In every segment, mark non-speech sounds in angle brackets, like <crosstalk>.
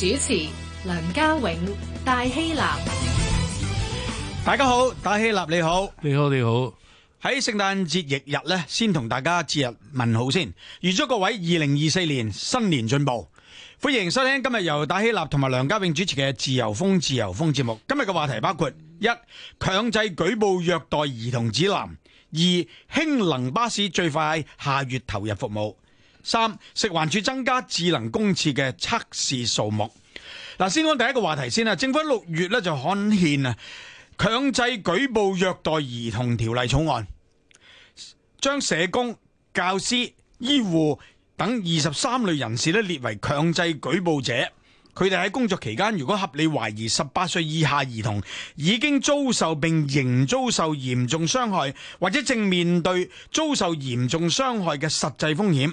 主持梁家永、戴希立。大家好，戴希立，你好，你好，你好你好。喺聖誕節翌日呢，先同大家節日問好先。預祝各位二零二四年新年進步。歡迎收聽今日由戴希立同埋梁家永主持嘅自由風自由風節目。今日嘅話題包括一強制舉報虐待兒童指南，二氫能巴士最快下月投入服務。三食環署增加智能公廁嘅測試數目。嗱，先講第一個話題先啊。政府六月咧，就刊憲啊，強制舉報虐待兒童條例草案，將社工、教師、醫護等二十三類人士咧，列為強制舉報者。佢哋喺工作期間，如果合理懷疑十八歲以下兒童已經遭受並仍遭受嚴重傷害，或者正面對遭受嚴重傷害嘅實際風險。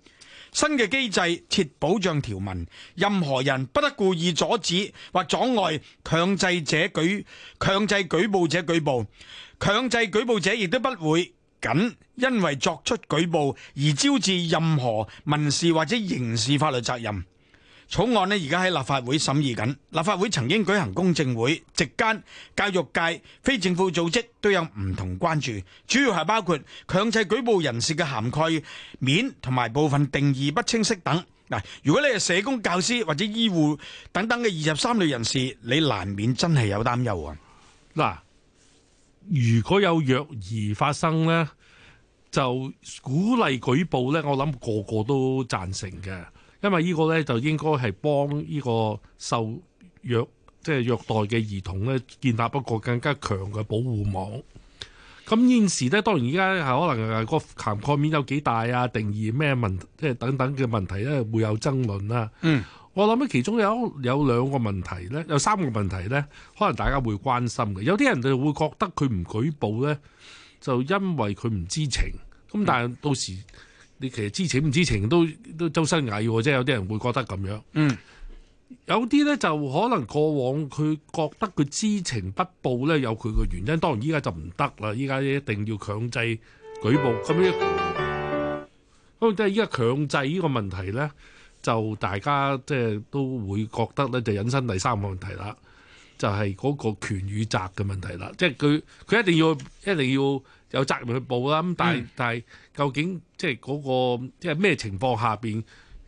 新嘅機制設保障條文，任何人不得故意阻止或阻礙強制者舉強制舉報者舉報，強制舉報者亦都不會僅因為作出舉報而招致任何民事或者刑事法律責任。草案呢，而家喺立法會審議緊，立法會曾經舉行公證會，席間教育界、非政府組織都有唔同關注，主要係包括強制舉報人士嘅涵蓋面同埋部分定義不清晰等。嗱，如果你係社工、教師或者醫護等等嘅二十三類人士，你難免真係有擔憂啊！嗱，如果有虐兒發生呢，就鼓勵舉報呢，我諗個個都贊成嘅。因為呢個呢，就應該係幫呢個受虐即係虐待嘅兒童呢，建立一個更加強嘅保護網。咁現時呢，當然而家係可能個涵蓋面有幾大啊，定義咩問題即係等等嘅問題呢，會有爭論啦。嗯，我諗咧，其中有有兩個問題呢，有三個問題呢，可能大家會關心嘅。有啲人就會覺得佢唔舉報呢，就因為佢唔知情。咁但係到時。嗯你其實知情唔知情都都周身蟻喎，即係有啲人會覺得咁樣。嗯，有啲咧就可能過往佢覺得佢知情不報咧有佢個原因，當然依家就唔得啦，依家一定要強制舉報。咁樣，咁即係依家強制呢個問題咧，就大家即係都會覺得咧就引申第三個問題啦。就係嗰個權與責嘅問題啦，即係佢佢一定要一定要有責任去報啦。咁但係、嗯、但係究竟即係嗰、嗰個即係咩情況下邊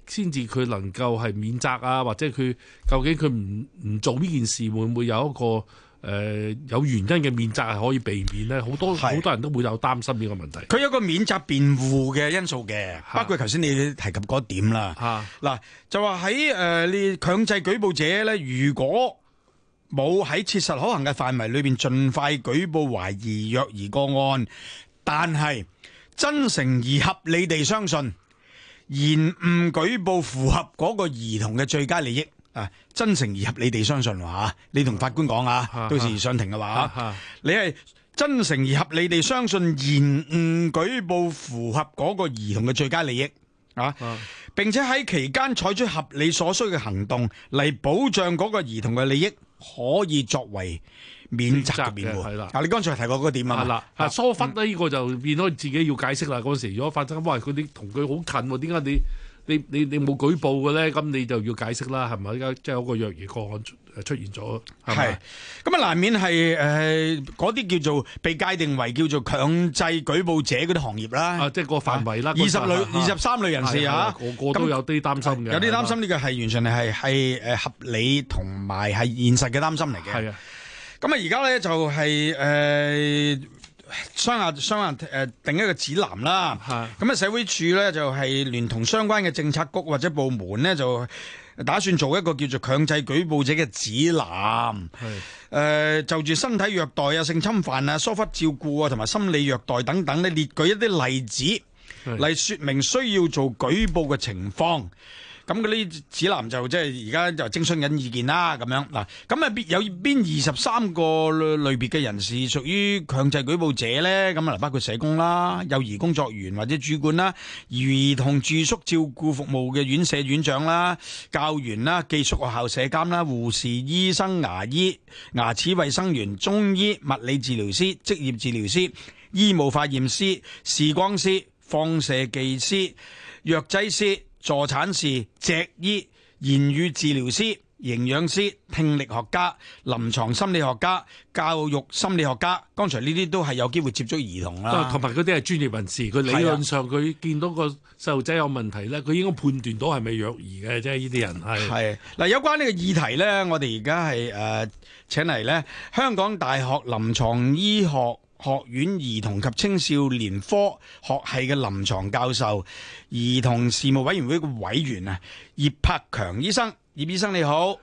先至佢能夠係免責啊？或者佢究竟佢唔唔做呢件事會唔會有一個誒、呃、有原因嘅免責係可以避免咧？好多好是多人都會有擔心呢個問題，佢有一個免責辯護嘅因素嘅，包括頭先你提及嗰一點是啦。嗱就話喺誒你強制舉報者咧，如果冇喺切實可行嘅範圍裏面盡快舉報懷疑虐兒個案，但係真誠而合理地相信，延誤舉報符合嗰個兒童嘅最佳利益。啊，真誠而合理地相信，啊啊啊啊啊，話，你同法官講啊，到時上庭嘅話，你係真誠而合理地相信延誤舉報符合嗰個兒童嘅最佳利益啊，並且喺期間採取合理所需嘅行動嚟，保障嗰個兒童嘅利益。啊啊可以作為免責面免護，係啦。啊，你剛才提過嗰個點啊嘛，啊疏忽呢個就變咗自己要解釋啦。嗰時如果發生，因為佢哋同佢好近喎，點解你？你你你冇舉報嘅咧，咁你就要解釋啦，係咪？而家即係嗰個虐兒個案出現咗，係咪？咁啊，難免係誒嗰啲叫做被界定為叫做強制舉報者嗰啲行業啦，啊，即係個範圍啦。二十類、二十三類人士啊，個個都有啲擔心嘅，有啲擔心呢個係完全係係誒合理同埋係現實嘅擔心嚟嘅。係啊，咁啊而家咧就係誒。商量商量誒，定一個指南啦。咁啊的，社會署咧就係、是、聯同相關嘅政策局或者部門咧，就打算做一個叫做強制舉報者嘅指南。誒的、呃，就住身體虐待啊、性侵犯啊、疏忽照顧啊，同埋心理虐待等等咧，列舉一啲例子嚟的說明需要做舉報嘅情況。咁嗰啲指南就即係而家就徵詢緊意見啦，咁樣嗱，咁啊有邊二十三個類別嘅人士屬於強制舉報者咧？咁啊，包括社工啦、幼兒工作員或者主管啦、兒童住宿照顧服務嘅院舍院長啦、教員啦、寄宿學校社監啦、護士、醫生、牙醫、牙齒衛生員、中醫、物理治療師、職業治療師、醫務化驗師、視光師、放射技師、藥劑師。助產士、脊醫、言語治療師、營養師、聽力學家、臨床心理學家、教育心理學家，剛才呢啲都係有機會接觸兒童啦，同埋嗰啲係專業人士，佢理論上佢、啊、見到個細路仔有問題呢佢應該判斷到係咪虐兒嘅，即係呢啲人係係嗱有關呢個議題呢，我哋而家係誒請嚟呢香港大學臨床醫學學院兒童及青少年科學系嘅臨床教授、兒童事務委員會嘅委員啊，葉柏強醫生。葉醫生，你好。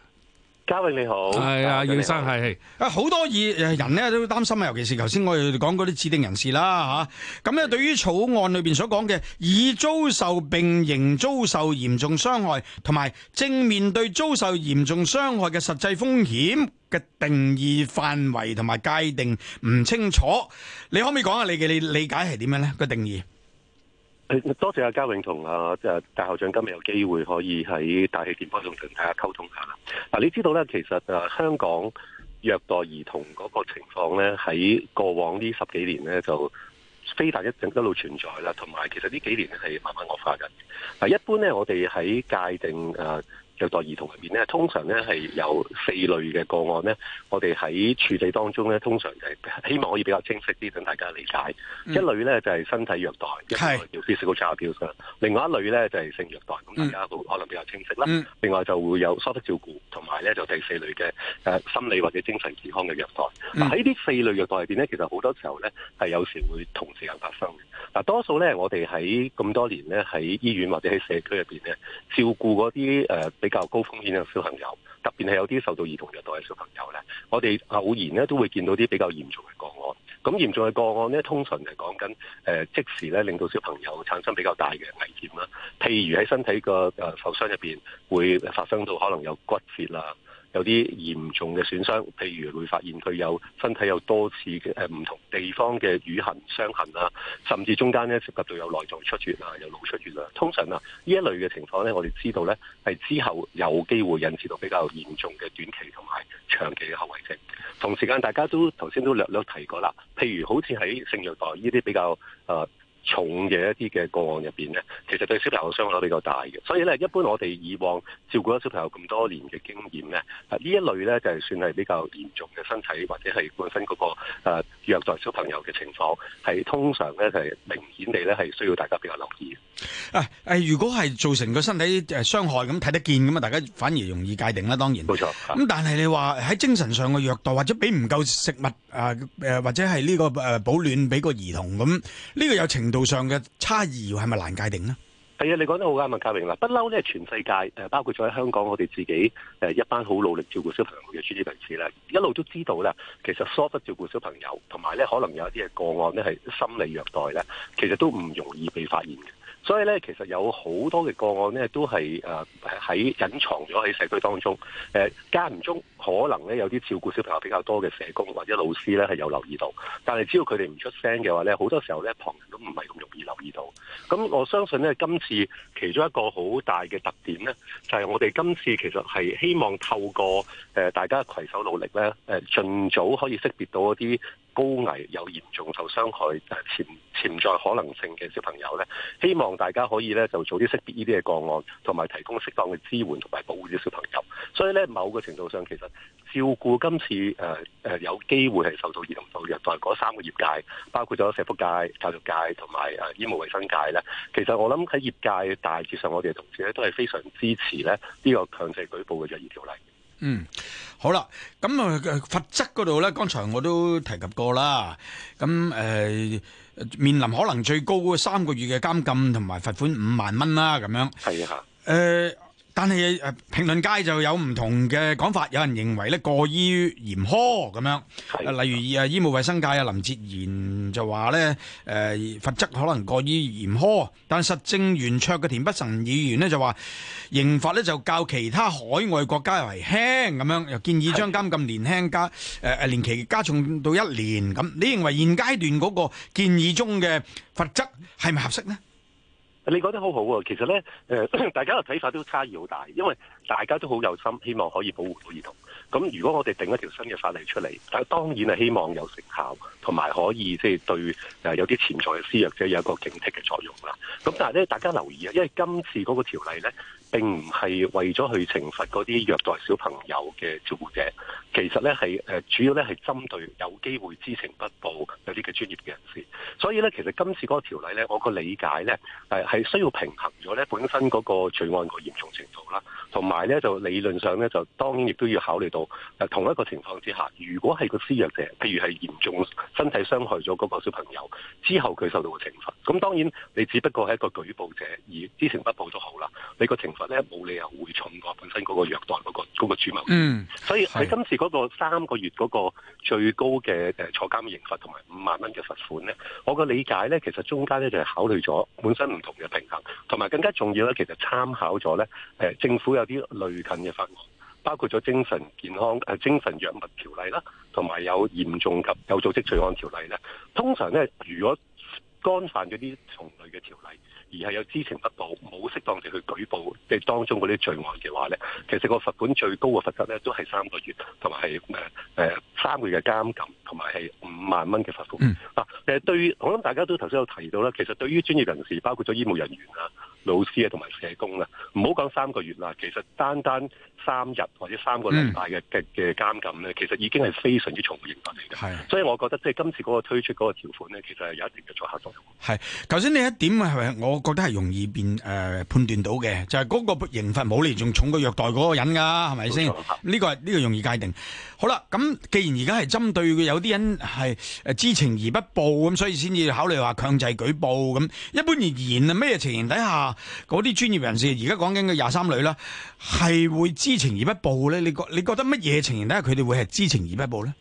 嘉榮你好，係啊，耀生係啊，好多業界人咧都擔心啊，尤其是頭先我哋講嗰啲指定人士啦吓，咁、啊、咧對於草案裏邊所講嘅已遭受並仍遭受嚴重傷害同埋正面對遭受嚴重傷害嘅實際風險嘅定義範圍同埋界定唔清楚，你可唔可以講下你嘅理理解係點樣咧個定義？多謝阿嘉穎同阿，即係大校長，今日有機會可以喺大氣電波上同大家溝通下啦。嗱，你知道咧，其實誒香港虐待兒童嗰個情況咧，喺過往呢十幾年咧就非但一直一路存在啦，同埋其實呢幾年係慢慢惡化緊。嗱，一般咧，我哋喺界定誒。虐待兒童入邊咧，通常咧係有四類嘅個案咧，我哋喺處理當中咧，通常就係希望可以比較清晰啲，等大家理解。嗯、一類咧就係、是、身體虐待，是另外一類咧就係、是、性虐待，咁大家都可能比較清晰啦。嗯、另外就會有疏忽照顧，同埋咧就第四類嘅誒、呃、心理或者精神健康嘅虐待。喺呢啲、嗯啊、四類虐待入邊咧，其實好多時候咧係有時會同時間發生嘅。嗱，多數咧我哋喺咁多年咧喺醫院或者喺社區入邊咧照顧嗰啲誒，呃比較高風險嘅小朋友，特別係有啲受到兒童虐待嘅小朋友咧，我哋偶然咧都會見到啲比較嚴重嘅個案。咁嚴重嘅個案咧，通常係講緊誒即時咧令到小朋友產生比較大嘅危險啦。譬如喺身體個誒受傷入邊，會發生到可能有骨折啦。有啲嚴重嘅損傷，譬如會發現佢有身體有多次嘅、呃、唔同地方嘅瘀痕傷痕啦，甚至中間咧涉及到有內臟出血啊，有腦出血啊。通常啊，呢一類嘅情況咧，我哋知道咧係之後有機會引致到比較嚴重嘅短期同埋長期嘅後遺症。同時間大家都頭先都略略提過啦，譬如好似喺性虐待呢啲比較、呃重嘅一啲嘅個案入邊咧，其實對小朋友傷害都比較大嘅。所以咧，一般我哋以往照顧咗小朋友咁多年嘅經驗咧，呢一類咧就係算係比較嚴重嘅身體或者係本身嗰、嗰個、啊、虐待小朋友嘅情況，係通常咧係明顯地咧係需要大家比較留意。誒、啊、如果係造成個身體誒傷害咁睇得見咁啊，大家反而容易界定啦。當然冇錯。咁錯但係你話喺精神上嘅虐待或者俾唔夠食物啊誒，或者係呢、呢個、啊、保暖俾個兒童咁，呢個有情。程度上嘅差異係咪難界定呢？係啊，你講得好啱啊，家明，話不嬲咧，全世界誒包括在喺香港，我哋自己誒一班好努力照顧小朋友嘅專業人士咧，一路都知道咧，其實疏忽照顧小朋友同埋咧，可能有一啲嘅個案咧係心理虐待咧，其實都唔容易被發現嘅。所以咧，其實有好多嘅個案咧，都係誒喺隱藏咗喺社區當中。誒間唔中，可能咧有啲照顧小朋友比較多嘅社工或者老師咧係有留意到，但係只要佢哋唔出聲嘅話咧，好多時候咧旁人都唔係咁容易留意到。咁我相信咧，今次其中一個好大嘅特點咧，就係我哋今次其實係希望透過大家嘅攜手努力咧，誒盡早可以識別到一啲高危又嚴重受傷害誒潛潛，潛在可能性嘅小朋友咧，希望大家可以咧就早啲識別呢啲嘅個案，同埋提供適當嘅支援同埋保護啲小朋友。所以咧，某個程度上其實照顧今次誒誒、呃呃、有機會係受到兒童受虐待嗰三個業界，包括咗社福界、教育界同埋啊醫務衞生界咧，其實我諗喺業界大致上我們，我哋嘅同事咧都係非常支持咧呢、呢個強制舉報嘅入業條例。嗯，好啦，咁啊，罰則嗰度呢，剛才我都提及過啦，咁誒、呃、面臨可能最高三個月嘅監禁同埋罰款五萬蚊啦，咁樣係啊，誒的。呃但係誒，評論界就有唔同嘅講法，有人認為咧，過於嚴苛咁樣，例如誒醫務衞生界啊，林哲賢就話呢，誒，罰則可能過於嚴苛，但實政圓桌嘅田北辰議員就話刑罰就較其他海外國家為輕咁樣，又建議將監禁年輕加誒、呃、年期加重到一年咁。你認為現階段嗰個建議中嘅罰則係咪合適呢？你講得好好喎，其實咧，誒，大家嘅睇法都差異好大，因為大家都好有心，希望可以保護到兒童。咁如果我哋定一條新嘅法例出嚟，當然係希望有成效，同埋可以即係、誒、對有啲潛在嘅施虐者有一個警惕嘅作用啦。咁但係咧，大家留意啊，因為今次嗰個條例咧。並唔係為咗去懲罰嗰啲虐待小朋友嘅照顧者，其實咧係，誒，主要咧係針對有機會知情不報有啲嘅專業嘅人士。所以咧，其實今次嗰個條例咧，我個理解咧係需要平衡咗咧本身嗰個罪案個嚴重程度啦，同埋咧就理論上咧就當然亦都要考慮到，誒，同一個情況之下，如果係個施虐者，譬如係嚴重身體傷害咗嗰個小朋友之後，佢受到嘅懲罰。咁當然你只不過係一個舉報者而知情不報都好啦，你個懲。咧冇、嗯、理由會重過本身嗰個虐待嗰個嗰、嗰個主謀。嗯，所以喺今次嗰個三個月嗰個最高嘅誒坐監刑罰同埋五萬蚊嘅罰款咧，我個理解咧，其實中間咧就係、是、考慮咗本身唔同嘅平衡，同埋更加重要咧，其實參考咗咧誒政府有啲類近嘅法案，包括咗精神健康誒精神藥物條例啦，同埋有，有嚴重及有組織罪案條例咧。通常咧，如果干犯咗啲同類嘅條例。而係有知情不報，冇適當地去舉報，即係當中嗰啲罪案嘅話咧，其實個罰款最高嘅罰則咧都係三個月，同埋係誒誒三個月嘅監禁，同埋係五萬蚊嘅罰款。嗯、啊，誒對，我諗大家都頭先有提到啦，其實對於專業人士，包括咗醫務人員啊，老師啊，同埋社工啦，唔好講三個月啦，其實單單三日或者三個禮拜嘅嘅嘅監禁咧，嗯、其實已經係非常之重嘅刑罰嚟嘅。的所以我覺得即係今次嗰個推出嗰個條款咧，其實係有一定嘅阻嚇作用。係，頭先你一點係咪？我覺得係容易變、呃、判斷到嘅，就係、是、嗰個刑罰冇嚟，仲重過虐待嗰個人㗎、啊，係咪先？呢錯個係呢、呢個容易界定。好啦，咁既然而家係針對有啲人係誒知情而不報咁，所以先至考慮話強制舉報咁。一般而言係咩情形底下？嗰啲專業人士而家講緊嘅廿三女啦，係會知情而不報咧，你覺你覺得乜嘢情形底下佢哋會係知情而不報咧？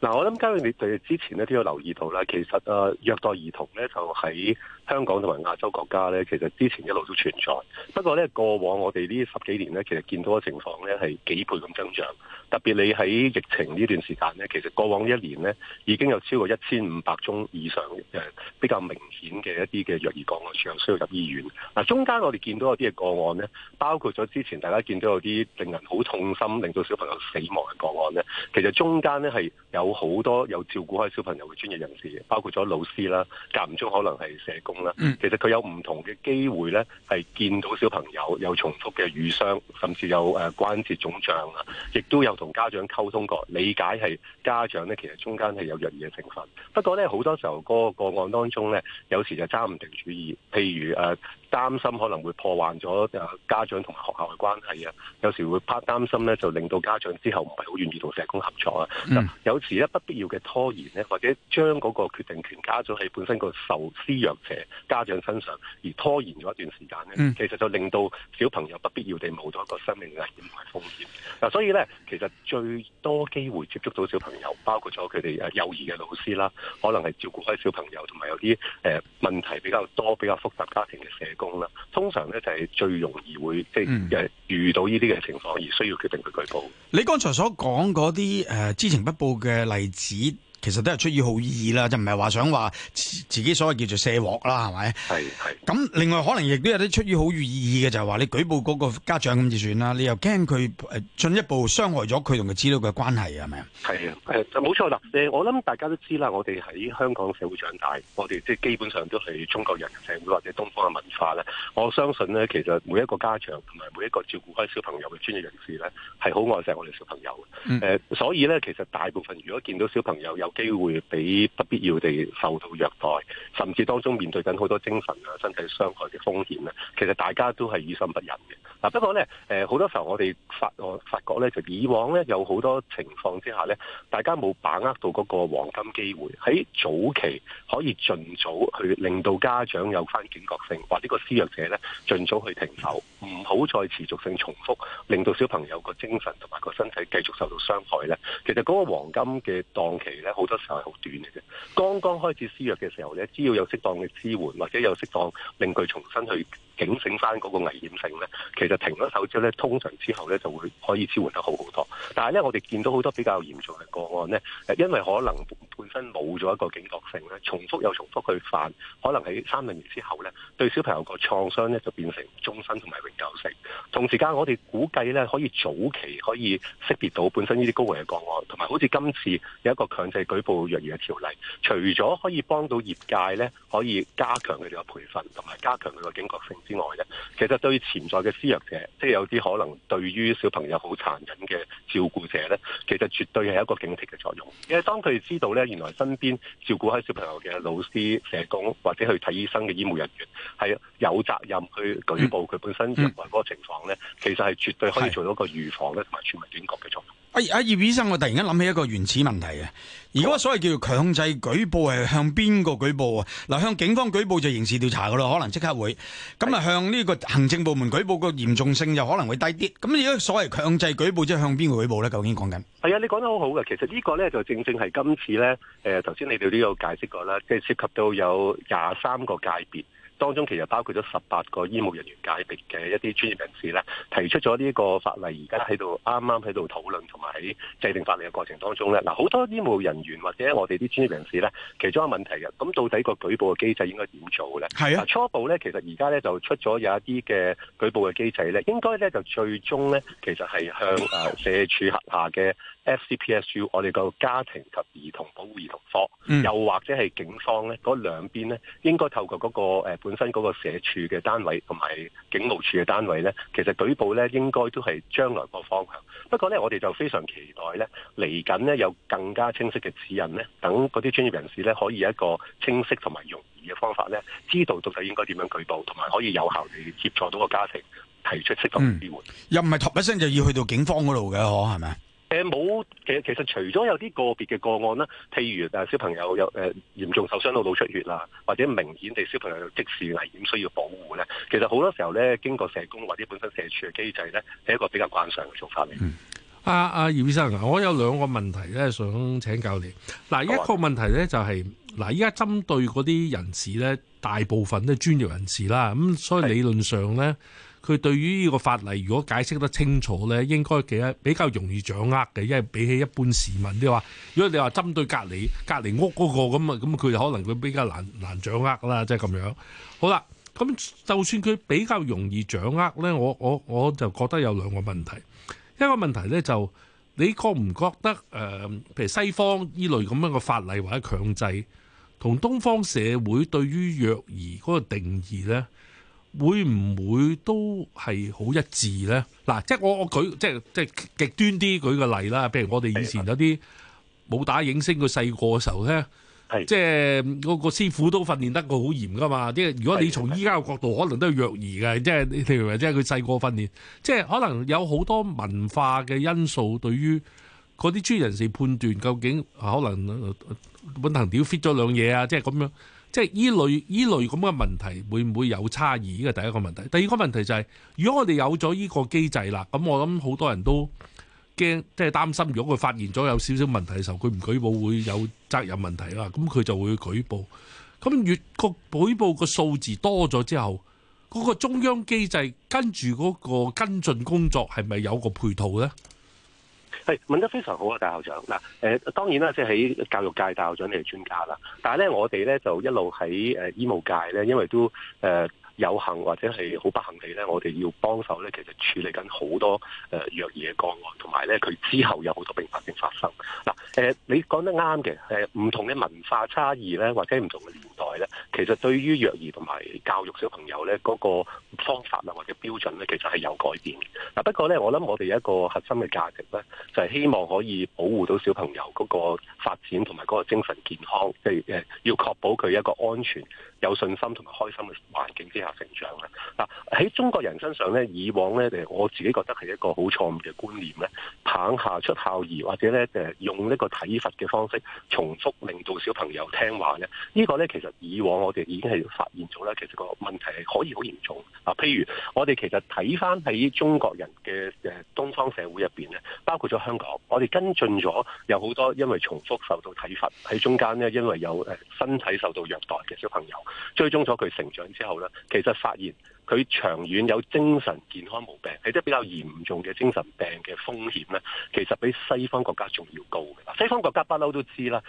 嗱，我諗嘉俊你哋之前咧都要留意到啦，其實誒虐待兒童咧就喺、是。香港同埋亞洲國家呢，其實之前一路都存在。不過呢，過往我哋呢十幾年呢，其實見到嘅情況呢係幾倍咁增長。特別你喺疫情呢段時間呢，其實過往這一年呢，已經有超過一千五百宗以上誒比較明顯嘅一啲嘅虐兒個案需要入醫院。嗱，中間我哋見到有啲嘅個案呢，包括咗之前大家見到有啲令人好痛心、令到小朋友死亡嘅個案呢。其實中間呢，係有好多有照顧開小朋友嘅專業人士，包括咗老師啦，間唔中可能係社工。 <noise> 其實佢有唔同嘅機會咧，係見到小朋友有重複嘅瘀傷，甚至有誒關節腫脹啊，亦都有同家長溝通過，理解係家長咧，其實中間係有虐兒嘅成分。不過咧好多時候嗰個個案當中咧，有時就揸唔定主意，譬如誒。擔心可能會破壞咗啊家長同埋學校嘅關係啊，有時會怕擔心咧，就令到家長之後唔係好願意同社工合作啊。嗯、有時咧不必要嘅拖延咧，或者將嗰個決定權加咗喺本身個受施虐者家長身上，而拖延咗一段時間咧，嗯、其實就令到小朋友不必要地冒咗一個生命危險同埋風險。嗱，所以咧，其實最多機會接觸到小朋友，包括咗佢哋誒幼兒嘅老師啦，可能係照顧開小朋友，同埋有啲誒、呃、問題比較多、比較複雜家庭嘅社工。啦，通常咧就係最容易會即係遇到呢啲嘅情況，而需要決定去舉報。你剛才所講嗰啲誒知情不報嘅例子。其實都係出於好意啦，就唔係話想話自己所謂叫做卸鑊啦，係咪？係係。咁另外可能亦都有啲出於好意嘅，就係話你舉報嗰個家長咁就算啦，你又驚佢誒進一步傷害咗佢同佢子女嘅關係係咪？係啊，冇錯啦。我諗大家都知啦，我哋喺香港社會長大，我哋即係基本上都係中國人社會或者東方嘅文化咧。我相信咧，其實每一個家長同埋每一個照顧開小朋友嘅專業人士咧，係好愛錫我哋小朋友誒，嗯、所以咧，其實大部分如果見到小朋友有機會俾不必要地受到虐待，甚至當中面對緊好多精神啊、身體傷害嘅風險啊，其實大家都係於心不忍嘅。嗱，不過呢，誒好多時候我哋發我發覺呢，就以往呢有好多情況之下呢，大家冇把握到嗰個黃金機會，喺早期可以盡早去令到家長有返警覺性，或者呢個施虐者呢盡早去停手，唔好再持續性重複，令到小朋友個精神同埋個身體繼續受到傷害呢，其實嗰個黃金嘅檔期呢，好多時候係好短嘅啫，剛剛開始施藥嘅時候咧，只要有適當嘅支援或者有適當令佢重新去警醒翻嗰個危險性咧，其實停咗手之後咧，通常之後咧就會可以支援得好好多。但係咧，我哋見到好多比較嚴重嘅個案咧，因為可能本身冇咗一個警覺性咧，重複又重複去犯，可能喺三零年之後咧，對小朋友個創傷咧就變成終身同埋永久性。同時間我哋估計咧，可以早期可以識別到本身呢啲高危嘅個案，同埋好似今次有一個強制。舉報虐嘅條例，除咗可以幫到業界咧，可以加強佢哋嘅培訓，同埋加強佢嘅警覺性之外咧，其實對潛在嘅施虐者，即係有啲可能對於小朋友好殘忍嘅照顧者咧，其實絕對係一個警惕嘅作用。因為當佢哋知道咧，原來身邊照顧喺小朋友嘅老師、社工或者去睇醫生嘅醫務人員係有責任去舉報佢本身行為嗰個情況咧，嗯嗯、其實係絕對可以做到一個預防咧，同埋全民警覺嘅作用。阿阿葉醫生，我突然間諗起一個原始問題啊！如果所謂叫做強制舉報係向邊個舉報啊？嗱，向警方舉報就刑事調查㗎喇，可能即刻會。咁啊，向呢個行政部門舉報個嚴重性就可能會低啲。咁如果所謂強制舉報，即係向邊個舉報咧？究竟講緊？係啊，你講得好好嘅。其實呢個咧就正正係今次咧，誒頭先你哋都有解釋過啦，即係涉及到有廿三個界別。當中其實包括咗十八個醫務人員界別嘅一啲專業人士咧，提出咗呢個法例現在在，而家喺度啱啱喺度討論，同埋喺制定法例嘅過程當中咧，嗱好多醫務人員或者我哋啲專業人士咧，其中一個問題嘅，咁到底個舉報嘅機制應該點做咧？係啊，初步咧，其實而家咧就出咗有一啲嘅舉報嘅機制咧，應該咧就最終咧，其實係向社署轄下嘅。F.C.P.S.U. 我哋個家庭及兒童保護兒童科，嗯、又或者係警方咧，嗰兩邊咧，應該透過嗰、那個誒、呃、本身嗰個社署嘅單位同埋警務處嘅單位咧，其實舉報咧應該都係將來個方向。不過咧，我哋就非常期待咧，嚟緊咧有更加清晰嘅指引咧，等嗰啲專業人士咧可以一個清晰同埋容易嘅方法咧，知道到底應該點樣舉報，同埋可以有效地接觸到個家庭，提出適當嘅支援。嗯、又唔係突一聲就要去到警方嗰度嘅，嗬，係咪？誒，冇，其實其實除咗有啲個別嘅個案咧，譬如誒小朋友有誒嚴重受傷到腦出血啦，或者明顯地小朋友有即時危險需要保護咧，其實好多時候咧，經過社工或者本身社署嘅機制咧，係一個比較慣常嘅做法嚟。阿阿葉醫生，我有兩個問題咧，想請教你。嗱，一個問題咧就係，嗱，依家針對嗰啲人士咧，大部分都專業人士啦，咁所以理論上呢。佢對於呢個法例，如果解釋得清楚呢，應該嘅比較容易掌握嘅，因為比起一般市民，你話如果你話針對隔離隔離屋嗰個咁啊，咁佢可能佢比較難難掌握啦，即係咁樣。好啦，咁就算佢比較容易掌握呢，我我我就覺得有兩個問題。一個問題呢，就你覺唔覺得誒、呃，譬如西方依類咁樣嘅法例或者強制，同東方社會對於虐兒嗰個定義呢，會唔會都係好一致咧？嗱，即係我我舉即係即係極端啲舉個例啦。譬如我哋以前有啲武打影星，佢細個嘅時候咧，是即係個是個師傅都訓練得佢好嚴㗎嘛。即係如果你從依家嘅角度，可能都係虐兒嘅。即你譬如或者係佢細個訓練，即係可能有好多文化嘅因素，對於嗰啲專業人士判斷，究竟可能搵藤條 fit 咗兩嘢啊，即係咁樣。即係依類依類咁嘅問題會唔會有差異？依個第一個問題，第二個問題就係，如果我哋有咗依個機制啦，咁我諗好多人都驚，即係擔心，如果佢發現咗有少少問題嘅時候，佢唔舉報會有責任問題啦，咁佢就會舉報。咁越個舉報個數字多咗之後，嗰個中央機制跟住嗰個跟進工作係咪有個配套呢？係問得非常好啊，大校長嗱，誒當然啦，即係喺教育界，大校長你係專家啦，但係咧，我哋咧就一路喺誒醫務界咧，因為都誒。呃有幸或者係好不幸地咧，我哋要幫手咧，其實處理緊好多誒虐兒嘅個案，同埋咧佢之後有好多併發症發生。嗱、呃、誒，你講得啱嘅誒，唔、呃、同嘅文化差異咧，或者唔同嘅年代咧，其實對於虐兒同埋教育小朋友咧嗰、那個方法啊或者標準咧，其實係有改變嘅嗱、呃、不過咧，我諗我哋有一個核心嘅價值咧，就係、是、希望可以保護到小朋友嗰個發展同埋嗰個精神健康，即係誒要確保佢一個安全。有信心同埋開心嘅環境之下成長嘅。嗱，喺中國人身上咧，以往咧誒我自己覺得係一個好錯誤嘅觀念咧，棒下出孝兒或者咧誒用呢個體罰嘅方式重複令到小朋友聽話咧，呢個咧其實以往我哋已經係發現咗啦，其實個問題係可以好嚴重啊。譬如我哋其實睇翻喺中國人嘅誒東方社會入面，咧，包括咗香港，我哋跟進咗有好多因為重複受到體罰喺中間咧，因為有誒身體受到虐待嘅小朋友。追蹤咗佢成長之後咧，其實發現佢長遠有精神健康毛病，係啲比較嚴重嘅精神病嘅風險咧。其實比西方國家仲要高嘅。西方國家不嬲都知啦，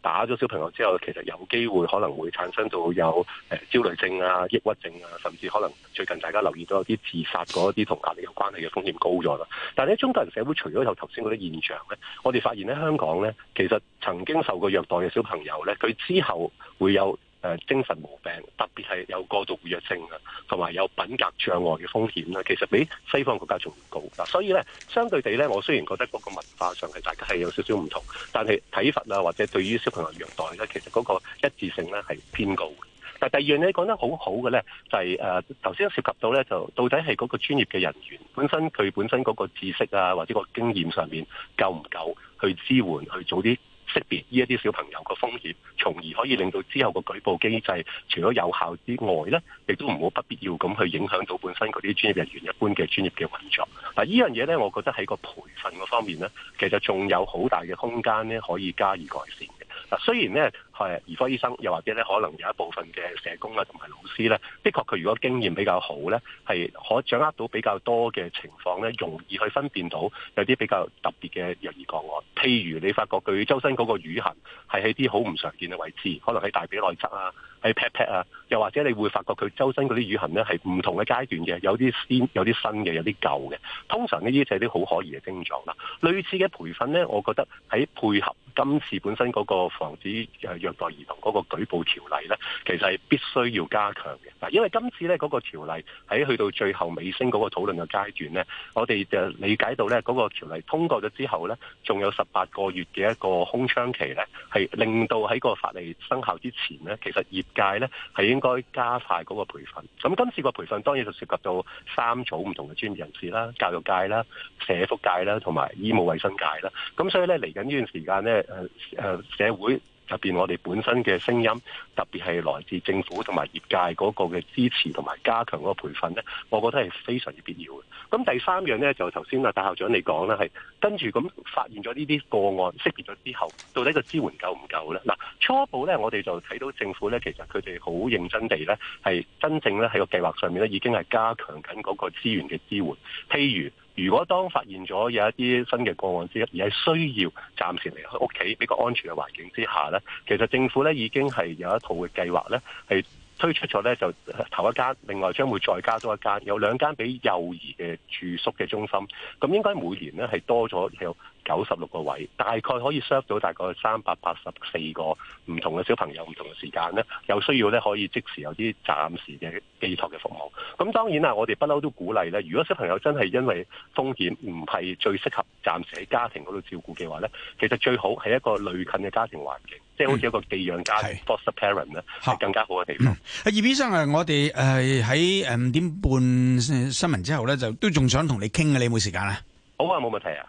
打咗小朋友之後，其實有機會可能會產生到有焦慮症啊、抑鬱症啊，甚至可能最近大家留意到有啲自殺嗰啲同壓力有關係嘅風險高咗啦。但係喺中國人社會，除咗有頭先嗰啲現象咧，我哋發現咧香港咧，其實曾經受過虐待嘅小朋友咧，佢之後會有。誒精神毛病，特別係有過度活躍症啊，同埋有品格障礙嘅風險啦，其實比西方國家仲高。所以咧，相對地咧，我雖然覺得嗰個文化上係大家係有少少唔同，但係睇法啊，或者對於小朋友虐待咧，其實嗰個一致性咧係偏高嘅。但第二樣你講得很好好嘅咧，就係誒頭先涉及到咧，就到底係嗰個專業嘅人員本身佢本身嗰個知識啊，或者個經驗上面夠唔夠去支援去做啲識別呢一啲小朋友嘅風險，從而可以令到之後個舉報機制除咗有效之外呢，亦都唔好不必要咁去影響到本身嗰啲專業人員一般嘅專業嘅運作。嗱、啊，呢樣嘢呢，我覺得喺個培訓個方面呢，其實仲有好大嘅空間呢可以加以改善嘅。嗱、啊，雖然呢。係，兒科醫生又或者咧，可能有一部分嘅社工啊同埋老師咧，的確佢如果經驗比較好咧，係可掌握到比較多嘅情況咧，容易去分辨到有啲比較特別嘅虐兒個案。譬如你發覺佢周身嗰個瘀痕係喺啲好唔常見嘅位置，可能喺大髀內側啊，喺 pat pat 啊，又或者你會發覺佢周身嗰啲瘀痕咧係唔同嘅階段嘅，有啲鮮有啲新嘅，有啲舊嘅。通常呢啲就係啲好可疑嘅症狀啦。類似嘅培訓咧，我覺得喺配合今次本身嗰個防止虐待兒童嗰個舉報條例咧，其實係必須要加強嘅。嗱，因為今次咧嗰個條例喺去到最後尾聲嗰個討論嘅階段咧，我哋就理解到咧嗰個條例通過咗之後咧，仲有十八個月嘅一個空窗期咧，係令到喺個法例生效之前咧，其實業界咧係應該加快嗰個培訓。咁今次個培訓當然就涉及到三組唔同嘅專業人士啦、教育界啦、社福界啦、同埋醫務衛生界啦。咁所以咧嚟緊呢段時間咧，誒誒社會。入邊，面我哋本身嘅聲音，特別係來自政府同埋業界嗰個嘅支持同埋加強嗰個培訓咧，我覺得係非常之必要嘅。咁第三樣咧，就頭先啊戴校長你講啦，係跟住咁發現咗呢啲個案識別咗之後，到底個支援夠唔夠咧？嗱，初步咧，我哋就睇到政府咧，其實佢哋好認真地咧，係真正咧喺個計劃上面咧，已經係加強緊嗰個資源嘅支援，譬如。如果當發現咗有一啲新嘅個案之一，而係需要暫時離開屋企比較安全嘅環境之下咧，其實政府咧已經係有一套嘅計劃咧，係。推出咗咧就頭一間，另外將會再加多一間，有兩間俾幼兒嘅住宿嘅中心。咁應該每年咧係多咗有九十六個位，大概可以 serve 到大概三百八十四個唔同嘅小朋友唔同嘅時間咧。有需要咧可以即時有啲暫時嘅寄託嘅服務。咁當然啦，我哋不嬲都鼓勵咧。如果小朋友真係因為風險唔係最適合暫時喺家庭嗰度照顧嘅話咧，其實最好係一個類近嘅家庭環境。即係好似一個寄養家庭，foster parent 啦，更加好嘅地方。阿葉醫生啊，我哋誒喺誒五點半新聞之後咧，就都仲想同你傾嘅，你有冇時間啊？好啊，冇問題啊。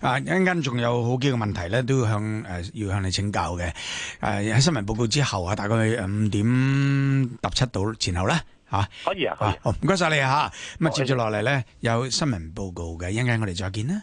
吓，啊一陣間仲有好幾個問題咧，都向誒要向你請教嘅。誒喺新聞報告之後啊，大概五點十七度前後咧，吓可以啊，可以。好，唔該晒你啊。吓，咁啊接住落嚟咧有新聞報告嘅，一陣間我哋再見啦。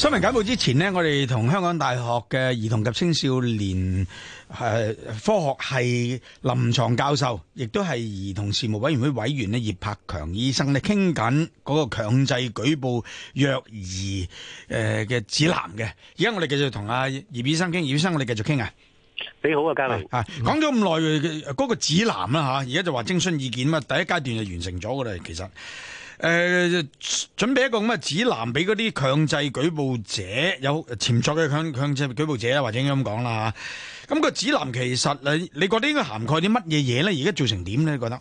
新聞簡報之前呢，我哋同香港大學嘅兒童及青少年誒科學系臨床教授，亦都係兒童事務委員會委員呢葉柏強醫生咧傾緊嗰個強制舉報虐兒誒嘅指南嘅。而家我哋繼續同阿葉醫生傾，葉醫生我哋繼續傾啊。你好啊，嘉麗。吓，講咗咁耐嗰個指南啦吓，而家就話徵詢意見嘛，第一階段就完成咗噶啦，其實。誒、呃，準備一個咁嘅指南俾嗰啲強制舉報者，有潛在嘅強強制舉報者啦，或者咁講啦。咁個指南其實你你覺得應該涵蓋啲乜嘢嘢咧？而家做成點咧？你覺得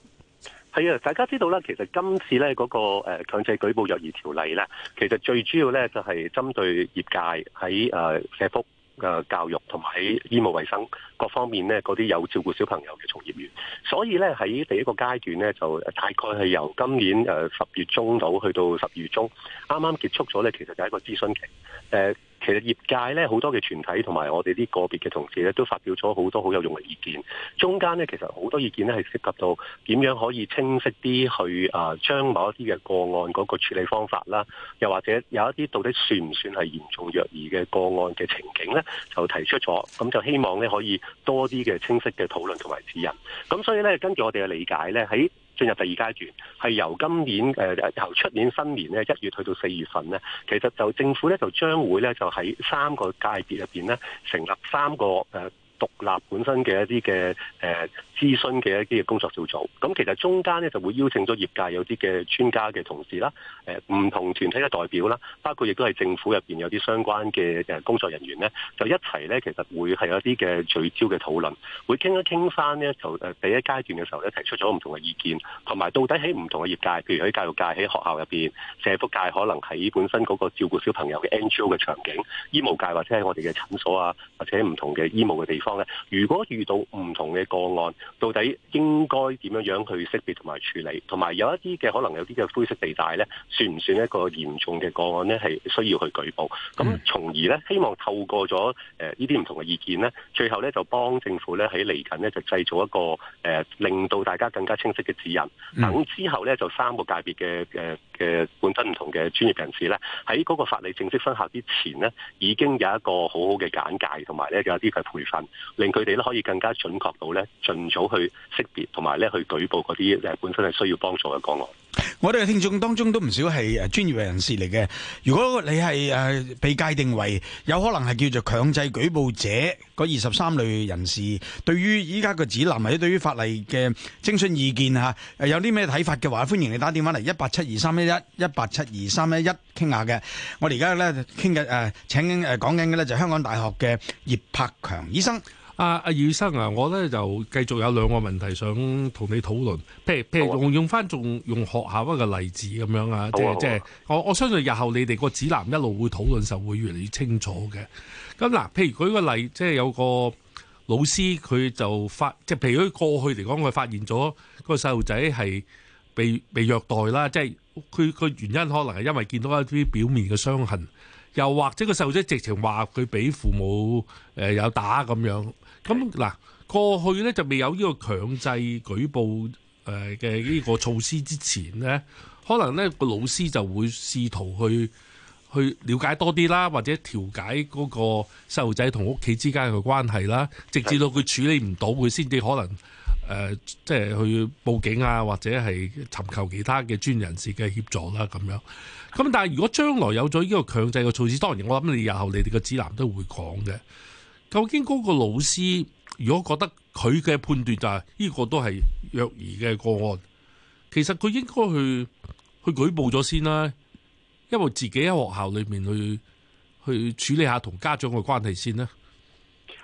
係啊，大家知道啦，其實今次咧嗰個誒強制舉報虐兒條例咧，其實最主要咧就係針對業界喺誒社福。誒教育同埋醫務衛生各方面咧，嗰啲有照顧小朋友嘅從業員，所以咧喺第一個階段咧，就大概係由今年十月中到去到十二月中，啱啱結束咗咧，其實就係一個諮詢期，其實業界咧好多嘅團體同埋我哋啲個別嘅同事咧都發表咗好多好有用嘅意見，中間咧其實好多意見咧係涉及到點樣可以清晰啲去、啊、將某一啲嘅個案嗰個處理方法啦，又或者有一啲到底算唔算係嚴重虐兒嘅個案嘅情景咧，就提出咗，咁就希望咧可以多啲嘅清晰嘅討論同埋指引。咁所以咧，根據我哋嘅理解咧，喺進入第二階段，係由今年誒由出年新年咧一月去到四月份咧，其實就政府咧就將會咧就喺三個界別入邊咧成立三個誒獨立本身嘅一啲嘅誒諮詢嘅一啲嘅工作小組，咁其實中間咧就會邀請咗業界有啲嘅專家嘅同事啦，誒唔同團體嘅代表啦，包括亦都係政府入邊有啲相關嘅誒工作人員咧，就一齊咧其實會係有一啲嘅聚焦嘅討論，會傾一傾翻咧就誒第一階段嘅時候咧提出咗唔同嘅意見，同埋到底喺唔同嘅業界，譬如喺教育界喺學校入邊，社福界可能喺本身嗰個照顧小朋友嘅 NGO 嘅場景，醫務界或者係我哋嘅診所啊，或者唔同嘅醫務嘅地方。如果遇到唔同嘅個案，到底應該點樣樣去識別同埋處理？同埋有，有一啲嘅可能有啲嘅灰色地帶咧，算唔算一個嚴重嘅個案咧？係需要去舉報。咁從而咧，希望透過咗誒呢啲唔同嘅意見咧，最後咧就幫政府咧喺嚟緊咧就製造一個誒、呃、令到大家更加清晰嘅指引。等之後咧就三個界別嘅誒。呃嘅本身唔同嘅專業人士呢，喺嗰個法例正式生效之前呢，已經有一個好好嘅簡介，同埋呢有啲嘅培訓，令佢哋呢可以更加準確到呢，儘早去識別同埋呢去舉報嗰啲誒本身係需要幫助嘅個案。我哋嘅聽眾當中都唔少係誒專業嘅人士嚟嘅。如果你係誒、呃、被界定為有可能係叫做強制舉報者嗰二十三類人士，對於依家個指南或者對於法例嘅徵詢意見吓，誒、啊、有啲咩睇法嘅話，歡迎你打電話嚟一八七二三一一一八七二三一一傾下嘅。我哋而家咧傾緊誒，請誒講緊嘅咧就香港大學嘅葉柏強醫生。阿阿、啊、余生啊，我咧就繼續有兩個問題想同你討論，譬如譬如用用翻仲用學校一個例子咁樣啊，即係、啊、即我我相信日後你哋個指南一路會討論就會越嚟越清楚嘅。咁嗱，譬如舉個例，即係有個老師佢就發，即係譬如佢過去嚟講，佢發現咗個細路仔係被被虐待啦，即係佢個原因可能係因為見到一啲表面嘅傷痕，又或者個細路仔直情話佢俾父母誒、呃、有打咁樣。咁嗱，過去咧就未有呢個強制舉報呃、嘅呢個措施之前咧，可能咧個老師就會試圖去去了解多啲啦，或者調解嗰個細路仔同屋企之間嘅關係啦，直至到佢處理唔到，佢先至可能、呃、即係去報警啊，或者係尋求其他嘅專業人士嘅協助啦咁樣。咁但係如果將來有咗呢個強制嘅措施，當然我諗你日後你哋嘅指南都會講嘅。究竟嗰個老師如果覺得佢嘅判斷就係呢個都係虐兒嘅個案，其實佢應該去去舉報咗先啦，因為自己喺學校裏面去去處理一下同家長嘅關係先啦。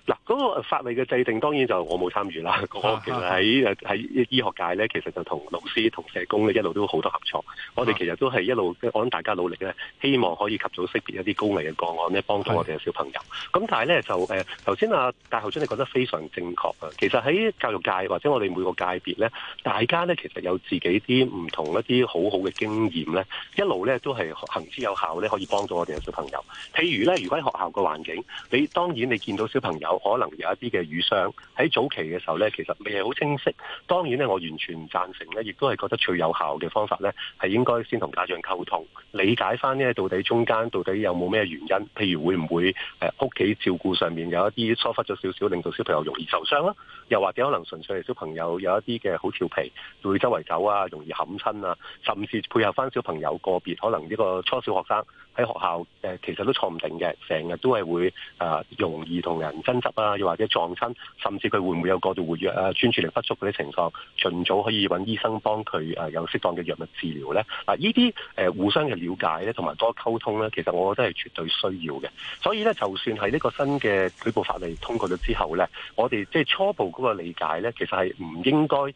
嗱，嗰個法例嘅制定當然就我冇參與啦。個其實喺誒喺醫學界咧，其實就同老師、同社工咧一路都好多合作。是是是我哋其實都係一路，我諗大家努力咧，希望可以及早識別一啲高危嘅個案咧，幫到我哋嘅小朋友。咁是是 但係咧就誒，頭、呃、先啊大學長，你覺得非常正確啊。其實喺教育界或者我哋每個界別咧，大家咧其實有自己啲唔同一啲好好嘅經驗咧，一路咧都係行之有效咧，可以幫到我哋嘅小朋友。譬如咧，如果喺學校嘅環境，你當然你見到小朋友。可能有一啲嘅瘀傷喺早期嘅時候呢，其實未係好清晰。當然呢，我完全唔贊成呢，亦都係覺得最有效嘅方法呢，係應該先同家長溝通，理解翻呢到底中間到底有冇咩原因，譬如會唔會呃，屋企照顧上面有一啲疏忽咗少少，令到小朋友容易受傷啦；又或者可能純粹係小朋友有一啲嘅好調皮，會周圍走啊，容易冚親啊，甚至配合翻小朋友個別可能呢個初小學生。喺學校誒，其實都錯唔定嘅，成日都係會誒容易同人爭執啊，又或者撞親，甚至佢會唔會有過度活躍啊、專注力不足嗰啲情況，盡早可以搵醫生幫佢誒有適當嘅藥物治療咧。嗱，呢啲誒互相嘅了解咧，同埋多溝通咧，其實我覺得係絕對需要嘅。所以咧，就算係呢個新嘅舉報法例通過咗之後咧，我哋即係初步嗰個理解咧，其實係唔應該誒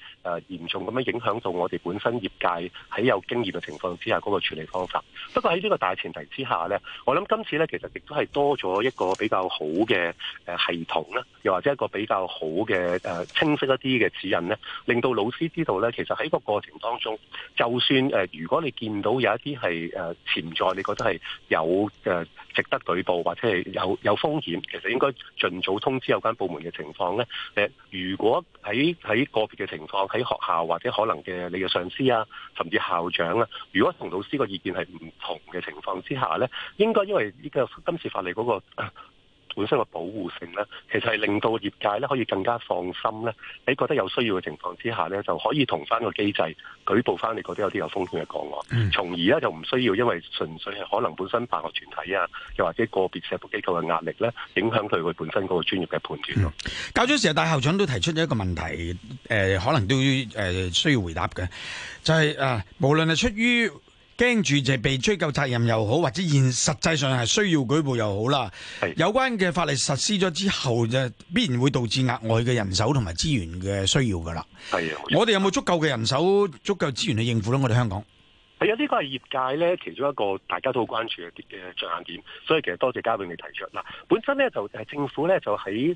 嚴重咁樣影響到我哋本身業界喺有經驗嘅情況之下嗰個處理方法。不過喺呢個大前提之下呢，我諗今次呢，其實亦都係多咗一個比較好嘅誒系統啦，又或者一個比較好嘅誒清晰一啲嘅指引呢，令到老師知道呢，其實喺個過程當中，就算誒如果你見到有一啲係誒潛在，你覺得係有誒值得舉報或者係有有風險，其實應該盡早通知有關部門嘅情況呢。誒，如果喺喺個別嘅情況，喺學校或者可能嘅你嘅上司啊，甚至校長啊，如果同老師個意見係唔同嘅情況之下，下咧，應該因為呢個今次法例嗰個本身個保護性咧，其實係令到業界咧可以更加放心咧。你覺得有需要嘅情況之下咧，就可以同翻個機制舉報翻你覺得有啲有風險嘅個案，從而咧就唔需要因為純粹係可能本身辦學團體啊，又或者個別社福機構嘅壓力咧，影響佢佢本身嗰個專業嘅判斷咯、嗯。校長、社大校長都提出咗一個問題，誒、呃、可能都要誒需要回答嘅，就係、是、誒、呃、無論係出於。驚住就被追究責任又好，或者現實際上係需要舉報又好啦。的有關嘅法例實施咗之後，就必然會導致額外嘅人手同埋資源嘅需要噶啦。的我哋有冇足夠嘅人手、的足夠資源去應付呢？我哋香港。係啊，呢個係業界咧，其中一個大家都好關注嘅嘅着眼點。所以其實多謝嘉賓你提出嗱。本身咧就政府咧就喺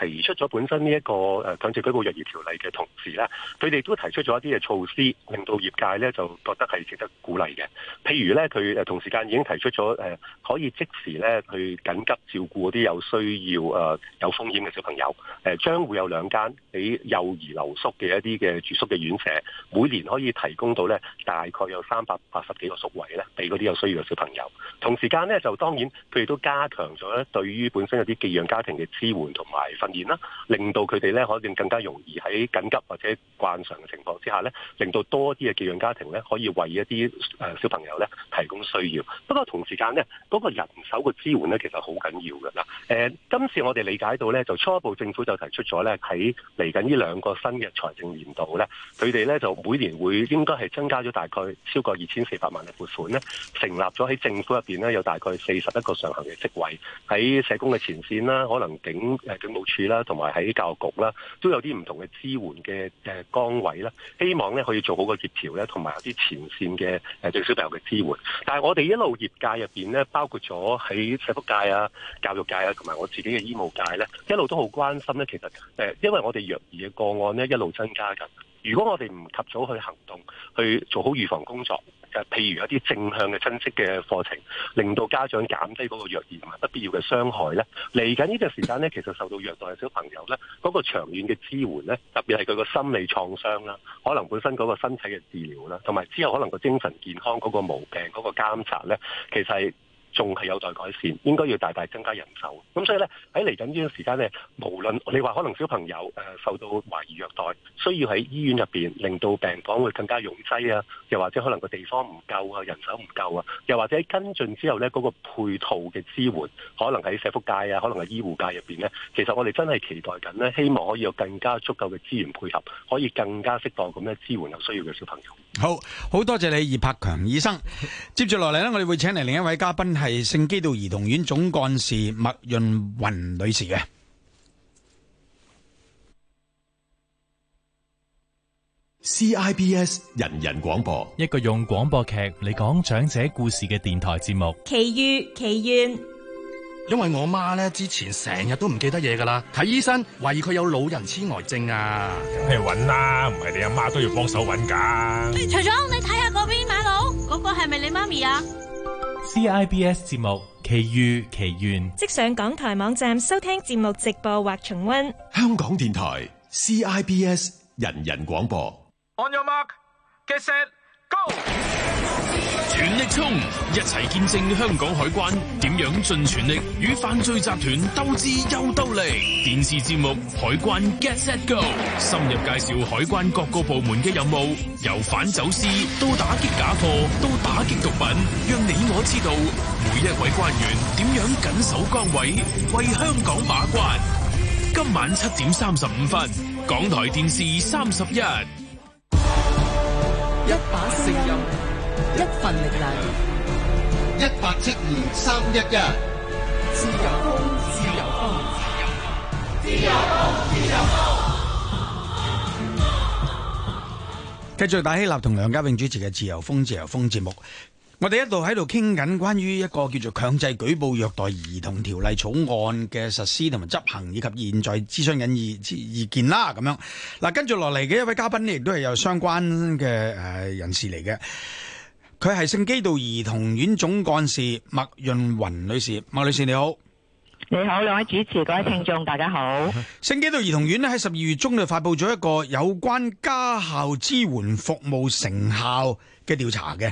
提出咗本身呢一個誒強制舉報虐兒條例嘅同時呢，佢哋都提出咗一啲嘅措施，令到業界咧就覺得係值得鼓勵嘅。譬如咧，佢同時間已經提出咗可以即時咧去緊急照顧嗰啲有需要誒有風險嘅小朋友。誒將會有兩間喺幼兒留宿嘅一啲嘅住宿嘅院舍，每年可以提供到咧大概。有三百八十幾個宿位咧，俾嗰啲有需要嘅小朋友。同時間咧，就當然佢哋都加強咗咧，對於本身有啲寄養家庭嘅支援同埋訓練啦，令到佢哋咧可以更加容易喺緊急或者慣常嘅情況之下咧，令到多啲嘅寄養家庭咧可以為一啲誒小朋友咧提供需要。不過同時間咧，嗰、那個人手嘅支援咧其實好緊要嘅啦。誒、呃，今次我哋理解到咧，就初步政府就提出咗咧，喺嚟緊呢兩個新嘅財政年度咧，佢哋咧就每年會應該係增加咗大概，超過二千四百萬嘅撥款咧，成立咗喺政府入邊咧，有大概四十一個上行嘅職位喺社工嘅前線啦，可能警誒警務處啦，同埋喺教育局啦，都有啲唔同嘅支援嘅誒崗位啦，希望咧可以做好個協調咧，同埋有啲前線嘅誒對小朋友嘅支援。但係我哋一路業界入邊咧，包括咗喺社福界啊、教育界啊，同埋我自己嘅醫務界咧，一路都好關心咧。其實誒，因為我哋虐兒嘅個案咧，一路增加緊。如果我哋唔及早去行動，去做好預防工作，誒，譬如一啲正向嘅親戚嘅課程，令到家長減低嗰個虐待同埋不必要嘅傷害呢。嚟緊呢個時間呢，其實受到虐待嘅小朋友呢，嗰個長遠嘅支援呢，特別係佢個心理創傷啦，可能本身嗰個身體嘅治療啦，同埋之後可能個精神健康嗰個毛病嗰個監察呢，其實係。仲係有待改善，應該要大大增加人手。咁所以呢，喺嚟緊呢啲時間咧，無論你話可能小朋友誒受到懷疑虐待，需要喺醫院入邊令到病房會更加擁擠啊，又或者可能個地方唔夠啊，人手唔夠啊，又或者跟進之後呢，嗰個配套嘅支援，可能喺社福界啊，可能係醫護界入邊呢，其實我哋真係期待緊呢，希望可以有更加足夠嘅資源配合，可以更加適當咁樣支援有需要嘅小朋友。好，好多謝你葉柏強醫生。接住落嚟呢，我哋會請嚟另一位嘉賓係聖基道兒童院總幹事麥潤芸女士嘅 CIBS 人人廣播，一個用廣播劇嚟講長者故事嘅電台節目。奇遇奇怨，因為我媽咧之前成日都唔記得嘢噶啦，睇醫生懷疑佢有老人痴呆症啊。梗係揾啦，唔係你阿媽都要幫手揾噶。徐總，你睇下嗰邊馬路，嗰、嗰個係咪你媽咪啊？CIBS 節目奇遇奇緣，即上港台網站收聽節目直播或重溫。香港電台 CIBS 人人廣播。On your mark, get set, go。全力衝，一齊見證香港海關點樣盡全力與犯罪集團鬥智又鬥力。電視節目海關 Get Set Go 深入介紹海關各個部門嘅任務，由反走私到打擊假貨到打擊毒品，讓你我知道每一位官員點樣緊守崗位，為香港把關。今晚七點三十五分，港台電視三十一，一把聲音。一份力量，一八七二三一一。自由風，自由風，自由風，自由風。繼續大希立同梁家榮主持嘅自由風，自由風節目。我哋一度喺度傾緊關於一個叫做強制舉報虐待兒童條例草案嘅實施同埋執行，以及現在諮詢緊意意見啦。咁樣嗱，跟住落嚟嘅一位嘉賓呢，亦都係有相關嘅誒人士嚟嘅。佢係聖基道兒童院總幹事麥潤芸女士，麥女士你好，你好，兩位主持，各位聽眾大家好。聖基道兒童院咧喺十二月中就發布咗一個有關家校支援服務成效嘅調查嘅，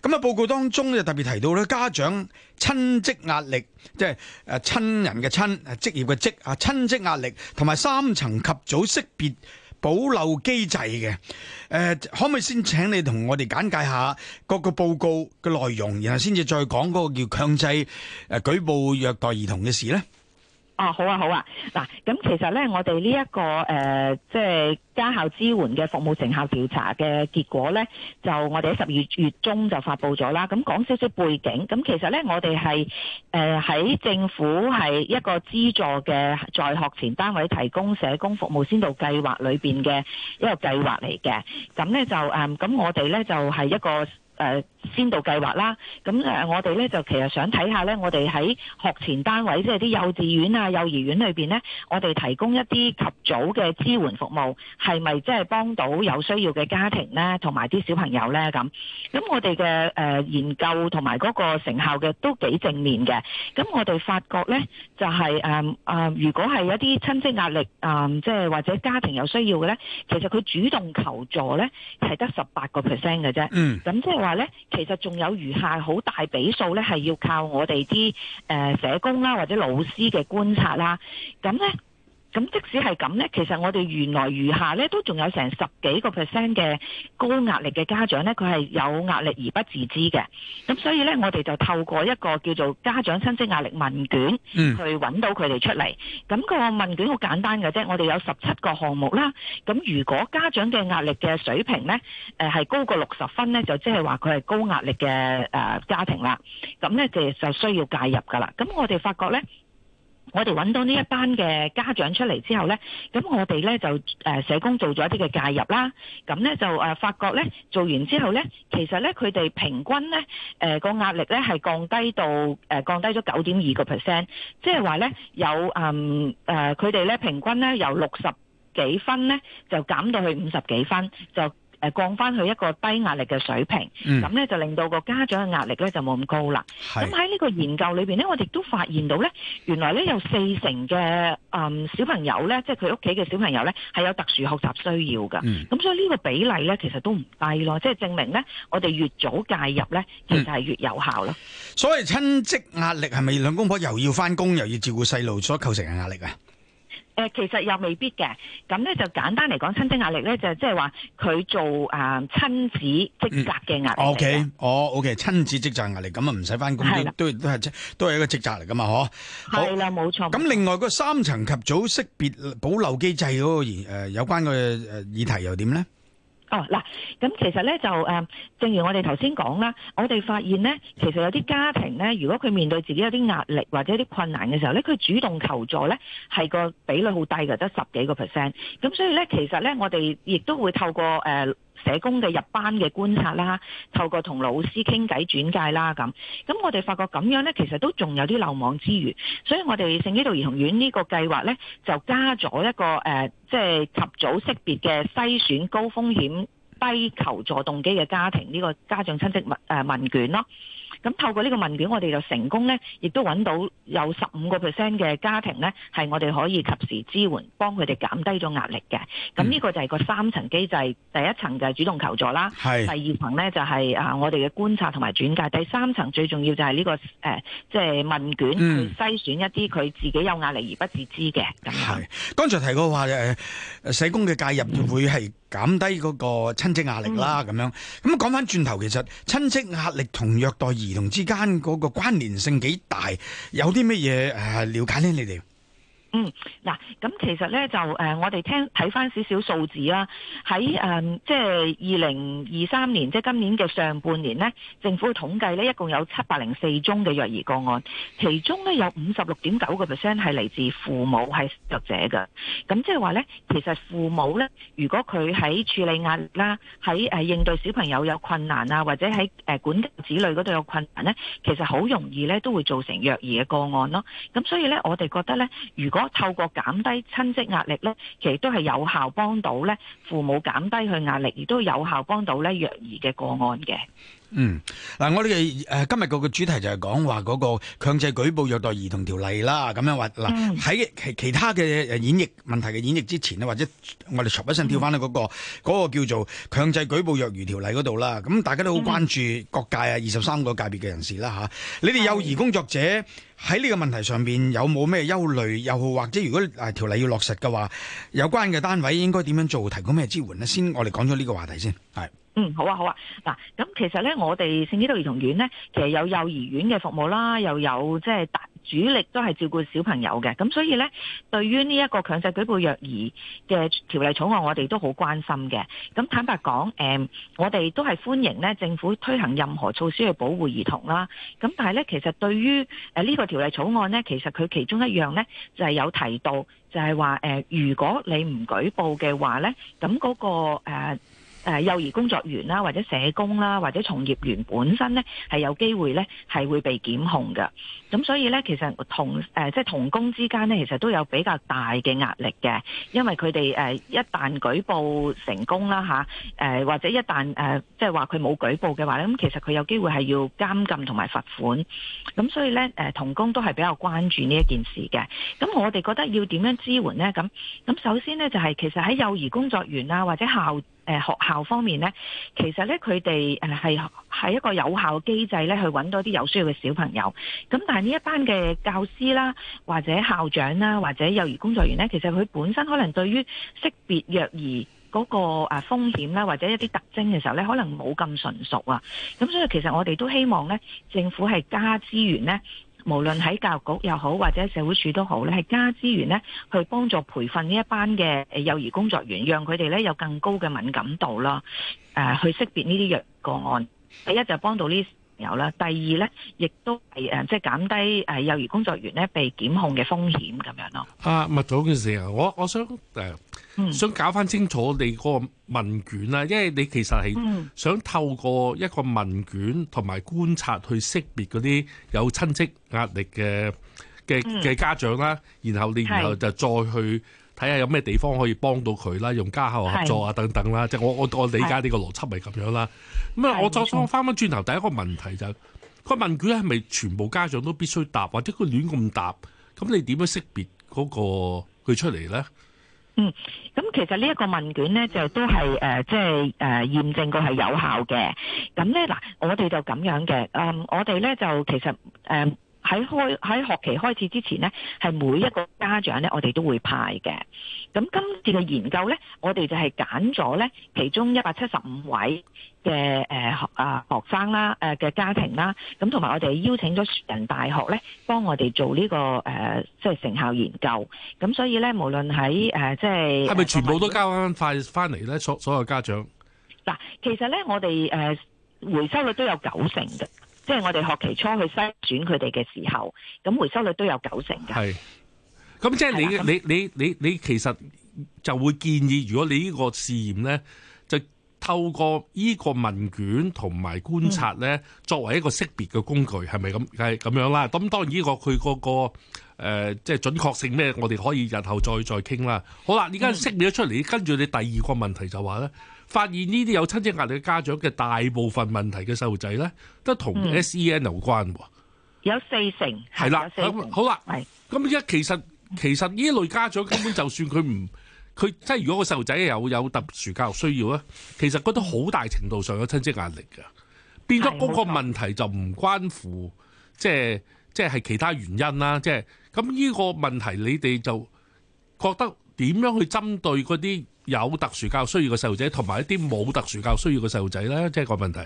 咁啊報告當中就特別提到咧家長親職壓力，即係誒親人嘅親，職業嘅職啊親職壓力，同埋三層及早識別。保留機制嘅，誒，可唔可以先請你同我哋簡介下各個報告嘅內容，然後先至再講嗰個叫強制誒舉報虐待兒童嘅事咧？哦，好啊，好啊，嗱，咁其實咧，我哋呢一個誒，即係家校支援嘅服務成效調查嘅結果咧，就我哋喺十二月中就發布咗啦。咁講少少背景，咁其實咧，我哋係喺政府係一個資助嘅在學前單位提供社工服務先導計劃裏邊嘅一個計劃嚟嘅。咁咧就誒，咁我哋咧就係一個誒。呃先導計劃啦，咁我哋咧就其實想睇下咧，我哋喺學前單位，即係啲幼稚園啊、幼兒園裏面咧，我哋提供一啲及早嘅支援服務，係咪即係幫到有需要嘅家庭咧，同埋啲小朋友咧咁？咁我哋嘅研究同埋嗰個成效嘅都幾正面嘅。咁我哋發覺咧、就係，就、呃、係、呃、如果係一啲親戚壓力，即、呃、係、就係、或者家庭有需要嘅咧，其實佢主動求助咧係得十八個 percent 嘅啫。嗯，咁即係話咧。其實仲有餘下好大比數咧，係要靠我哋啲誒社工啦，或者老師嘅觀察啦，咁咧。咁即使係咁呢，其實我哋原來餘下呢都仲有成十幾個 percent 嘅高壓力嘅家長呢，佢係有壓力而不自知嘅。咁所以呢，我哋就透過一個叫做家長親職壓力問卷去，去揾到佢哋出嚟。咁個問卷好簡單嘅啫，我哋有十七個項目啦。咁如果家長嘅壓力嘅水平呢係、呃、高過六十分呢，就即係話佢係高壓力嘅、呃、家庭啦。咁呢，就就需要介入噶啦。咁我哋發覺呢。我哋揾到呢一班嘅家長出嚟之後咧，咁我哋咧就誒社工做咗一啲嘅介入啦，咁咧就誒發覺咧做完之後咧，其實咧佢哋平均咧誒個壓力咧係降低到誒降低咗九點二個 percent，即係話咧有嗯誒佢哋咧平均咧由六十幾分咧就減到去五十幾分就幾分。誒降翻去一個低壓力嘅水平，咁咧就令到個家長嘅壓力咧就冇咁高啦。咁喺呢個研究裏邊咧，我哋都發現到咧，原來咧有四成嘅嗯小朋友咧，即係佢屋企嘅小朋友咧，係有特殊學習需要㗎。咁、嗯、所以呢個比例咧，其實都唔低咯。即係證明咧，我哋越早介入咧，其實係越有效咯。所謂親職壓力係咪兩公婆又要翻工又要照顧細路所構成嘅壓力啊？誒，其實又未必嘅，咁咧就簡單嚟講，親職壓力咧就即係話佢做誒親子職責嘅壓力嚟啦。哦，O K，親子職責壓力，咁啊唔使翻工都都都係都係一個職責嚟噶嘛，嗬？係啦，冇錯。咁另外個三層及早識別保留機制嗰個誒有關嘅誒議題又點咧？哦，嗱，咁其實咧就誒，正如我哋頭先講啦，我哋發現咧，其實有啲家庭咧，如果佢面對自己有啲壓力或者有啲困難嘅時候咧，佢主動求助咧，係個比率好低嘅，得十幾個 percent。咁所以咧，其實咧，我哋亦都會透過誒，呃社工嘅入班嘅觀察啦，透過同老師傾偈轉介啦，咁咁我哋發覺咁樣呢，其實都仲有啲漏網之魚，所以我哋聖基道兒童院呢個計劃呢，就加咗一個誒，即、呃、係、就是、及早識別嘅篩選高風險、低求助動機嘅家庭呢，呢個家長親戚問誒問卷咯。咁透過呢個問卷，我哋就成功咧，亦都揾到有十五個 percent 嘅家庭咧，係我哋可以及時支援，幫佢哋減低咗壓力嘅。咁呢個就係個三層機制，第一層就係主動求助啦，是第二層咧就係、是、啊、呃，我哋嘅觀察同埋轉介，第三層最重要就係呢、呢個即係、呃就係、問卷、嗯、去篩選一啲佢自己有壓力而不自知嘅。咁，剛才提過話誒、呃、社工嘅介入會係。嗯減低嗰個親戚壓力啦，咁、嗯、樣咁講返轉頭，其實親戚壓力同虐待兒童之間嗰個關聯性幾大，有啲乜嘢係了解呢？你哋？嗯，嗱，咁其實咧就誒，我哋聽睇返少少數字啦、啊，喺誒即係二零二三年，即、就、係、是、今年嘅上半年呢，政府統統計呢一共有七百零四宗嘅虐兒個案，其中呢，有五十六點九個 percent 係嚟自父母係弱者嘅，咁即係話咧，其實父母咧如果佢喺處理壓力啦，喺誒應對小朋友有困難啊，或者喺誒管子女嗰度有困難咧，其實好容易咧都會造成虐兒嘅個案咯，咁所以咧我哋覺得咧如果透過減低親戚壓力咧，其實都係有效幫到咧父母減低佢壓力，亦都有效幫到咧虐兒嘅個案嘅。嗯，嗱，我哋誒今日個主題就係講話嗰個強制舉報虐待兒童條例啦，咁樣話嗱喺其其他嘅演繹問題嘅演繹之前呢，或者我哋一瞬跳翻去嗰個嗰、嗯、個叫做強制舉報虐兒條例嗰度啦，咁大家都好關注各界啊，二十三個界別嘅人士啦吓、啊，你哋幼兒工作者喺呢個問題上面有冇咩憂慮？又或者如果條例要落實嘅話，有關嘅單位應該點樣做，提供咩支援呢？先我哋講咗呢個話題先，係。嗯，好啊，好啊。嗱，咁其實咧，我哋聖基道兒童院咧，其實有幼兒園嘅服務啦，又有即係大主力都係照顧小朋友嘅。咁所以咧，對於呢一個強制舉報虐兒嘅條例草案，我哋都好關心嘅。咁坦白講，誒、嗯，我哋都係歡迎咧，政府推行任何措施去保護兒童啦。咁但係咧，其實對於誒呢個條例草案咧，其實佢其中一樣咧就係、是、有提到，就係話誒，如果你唔舉報嘅話咧，咁嗰、那個誒。呃誒、呃、幼兒工作員啦，或者社工啦，或者從業員本身咧，係有機會咧係會被檢控嘅。咁所以咧，其實同誒即係同工之間咧，其實都有比較大嘅壓力嘅，因為佢哋誒一旦舉報成功啦嚇、啊呃，或者一旦誒即係話佢冇舉報嘅話咧，咁其實佢有機會係要監禁同埋罰款。咁所以咧、呃，同工都係比較關注呢一件事嘅。咁我哋覺得要點樣支援咧？咁咁首先咧就係、是、其實喺幼兒工作員啊或者校、呃、學校。校方面呢，其實呢，佢哋誒係係一個有效嘅機制呢，去搵多啲有需要嘅小朋友。咁但係呢一班嘅教師啦，或者校長啦，或者幼兒工作人員呢，其實佢本身可能對於識別虐兒嗰個誒風險啦，或者一啲特徵嘅時候呢，可能冇咁純熟啊。咁所以其實我哋都希望呢，政府係加資源呢。無論喺教育局又好，或者社會處都好咧，係加資源咧，去幫助培訓呢一班嘅誒幼兒工作員，讓佢哋咧有更高嘅敏感度啦，誒、呃，去識別呢啲虐個案。第一就幫到呢。有啦，第二咧，亦都係誒，即係減低誒幼兒工作員咧被檢控嘅風險咁樣咯。啊，麥總嘅事啊，我我想誒想搞翻清楚你嗰個問卷啦，因為你其實係想透過一個問卷同埋觀察去識別嗰啲有親戚壓力嘅嘅嘅家長啦，然後你然後就再去。睇下有咩地方可以幫到佢啦，用家校合作啊等等啦，即係是我我我理解呢個邏輯係咁樣啦。咁啊是，我再翻翻轉頭，第一個問題就是，個問卷係咪全部家長都必須答，或者佢亂咁答，咁你點樣識別嗰個佢出嚟咧？嗯，咁其實呢一個問卷咧，就是呃，就都係誒，即係誒驗證過係有效嘅。咁咧嗱，我哋就咁樣嘅。嗯、呃，我哋咧就其實誒。呃喺開喺學期開始之前呢，係每一個家長呢，我哋都會派嘅。咁、嗯、今次嘅研究呢，我哋就係揀咗呢其中一百七十五位嘅誒學啊學生啦，誒、呃、嘅家庭啦。咁同埋我哋邀請咗樹仁大學呢，幫我哋做呢、這個誒即係成效研究。咁、嗯、所以呢，無論喺誒即係係咪全部都交翻返翻嚟呢？所所有家長嗱，其實呢，我哋誒、呃、回收率都有九成嘅。即係我哋學期初去篩選佢哋嘅時候，咁回收率都有九成㗎。係，咁即係你的你你你你其實就會建議，如果你呢個試驗咧，就透過依個問卷同埋觀察咧，嗯、作為一個識別嘅工具，係咪咁係咁樣啦？咁當然呢、嗰個佢嗰個誒，即係準確性咩？我哋可以日後再再傾啦。好啦，而家識別咗出嚟，跟住、嗯、你第二個問題就話咧。發現呢啲有親職壓力嘅家長嘅大部分問題嘅細路仔咧，都同 SEN 有關喎、嗯，有四成係啦的、嗯，好啦，咁一的的其實其實呢類家長根本就算佢唔佢即係如果個細路仔有有特殊教育需要啊，其實覺得好大程度上有親職壓力嘅，變咗嗰個問題就唔關乎即係即係其他原因啦，即係咁呢個問題你哋就覺得點樣去針對嗰啲？有特殊教育需要嘅細路仔，同埋一啲冇特殊教育需要嘅細路仔咧，即係個問題。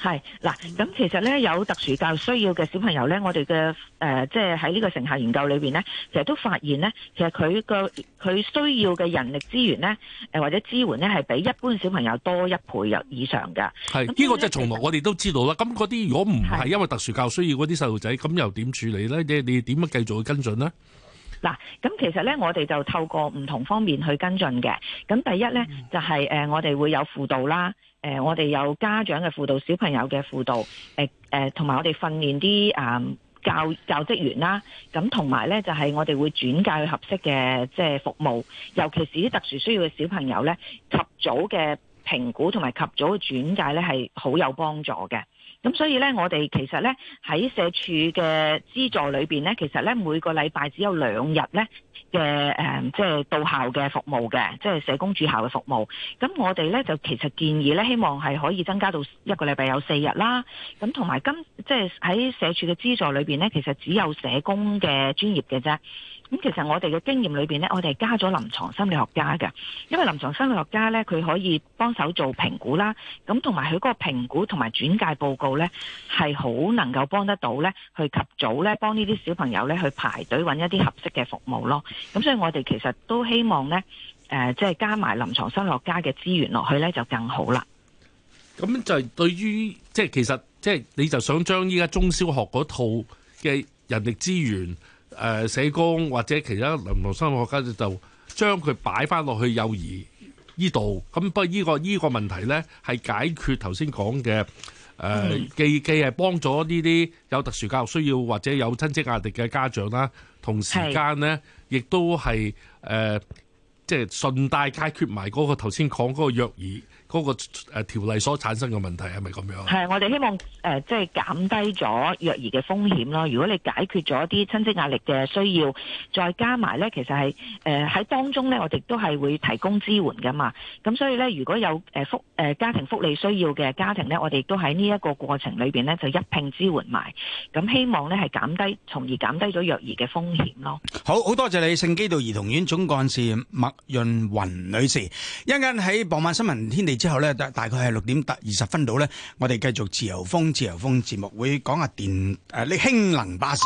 係嗱，咁其實咧，有特殊教育需要嘅小朋友咧，我哋嘅誒，即係喺呢個成效研究裏邊咧，其實都發現咧，其實佢個佢需要嘅人力資源咧，誒或者支援咧，係比一般小朋友多一倍又以上噶。係呢個即係從來我哋都知道啦。咁嗰啲如果唔係因為特殊教育需要嗰啲細路仔，咁是又點處理咧？即係你點樣繼續去跟進咧？嗱，咁其實咧，我哋就透過唔同方面去跟進嘅。咁第一咧，就係誒我哋會有輔導啦，誒我哋有家長嘅輔導、小朋友嘅輔導，誒誒同埋我哋訓練啲誒教教職員啦。咁同埋咧，就係我哋會轉介去合適嘅即係服務，尤其是啲特殊需要嘅小朋友咧，及早嘅評估同埋及早嘅轉介咧，係好有幫助嘅。咁所以咧，我哋其實咧喺社署嘅資助裏面咧，其實咧每個禮拜只有兩日咧嘅誒，即係到校嘅服務嘅，即係社工駐校嘅服務。咁我哋咧就其實建議咧，希望係可以增加到一個禮拜有四日啦。咁同埋今即係喺社署嘅資助裏面咧，其實只有社工嘅專業嘅啫。咁其實我哋嘅經驗裏面呢，我哋係加咗臨床心理學家嘅，因為臨床心理學家呢，佢可以幫手做評估啦，咁同埋佢嗰個評估同埋轉介報告呢，係好能夠幫得到呢，去及早呢，幫呢啲小朋友呢，去排隊揾一啲合適嘅服務咯。咁所以我哋其實都希望呢，即係加埋臨床心理學家嘅資源落去呢，就更好啦。咁就對於即係其實即係你就想將依家中小學嗰套嘅人力資源。誒，社工或者其他臨床心理學家就將佢擺翻落去幼兒依度。咁不過依個依個問題咧，係解決頭先講嘅誒，既既係幫咗呢啲有特殊教育需要或者有親職壓力嘅家長啦，同時間咧亦是都係誒，即、呃、係、就是、順帶解決埋嗰個頭先講嗰個虐兒。嗰、那個誒、啊、條例所產生嘅問題係咪咁樣？係，我哋希望誒即係減低咗虐兒嘅風險咯。如果你解決咗啲親戚壓力嘅需要，再加埋咧，其實係誒喺當中咧，我哋都係會提供支援㗎嘛。咁所以咧，如果有誒福誒、呃、家庭福利需要嘅家庭咧，我哋都喺呢一個過程裏邊咧，就一併支援埋。咁希望咧係減低，從而減低咗虐兒嘅風險咯。好，好多謝你，聖基道兒童院總幹事麥潤芸女士，一陣間喺傍晚新聞天地。之後咧，大大概係六點二十分到咧，我哋繼續自由風自由風節目，會講下電誒呢、啊、氫能巴士